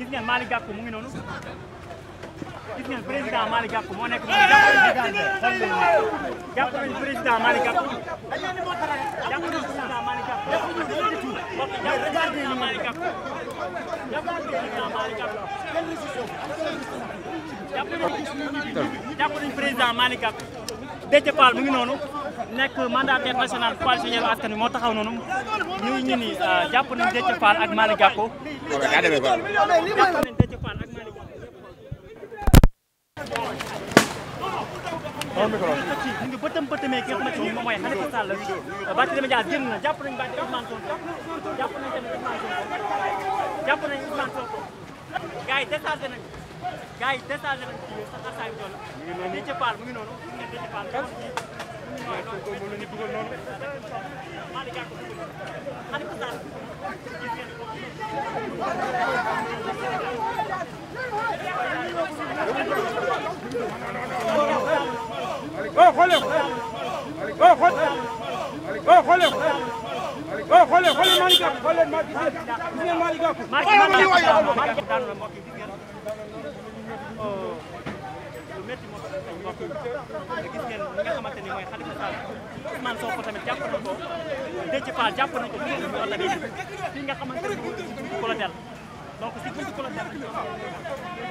gis ngeen Malick Gakou mu ngi noonu gis ngeen président Malick Gakou moo nekk moom jàpp nañu président Malick Gakou jàpp nañu président Malick Gakou jàpp nañu Malick Gakou jàpp nañu président Malick Gakou Déthié Fall mu ngi noonu nekk mandataire national coalition Yewwi Askan Wi moo taxaw noonu ñu ñu ni ah, jàpp nañu Déthié Fall ak Malick Gakou. ñu ngi bëtam bëtamee ki nga jàpp nañu Barthélémy Ousmane Sonko jàpp nañu tamit Ousmane Sonko jàpp nañu Ousmane Sonko mu ngi noonu waaye Sonko moom la ñu dugal noonu. boo xoolee boo xoolee boo xoolee boo xoolee xoolee Malick Gakou xoolee Malick Gakou mbokk yi gis ngeen li nga xamante ni mooy Khalifa Sall Ousmane Sonko tamit jàpp nañ ko Déthié Fall jàpp nañ ko fi ñu wala fii nga xamante ni ko la dal donc si buntu ko la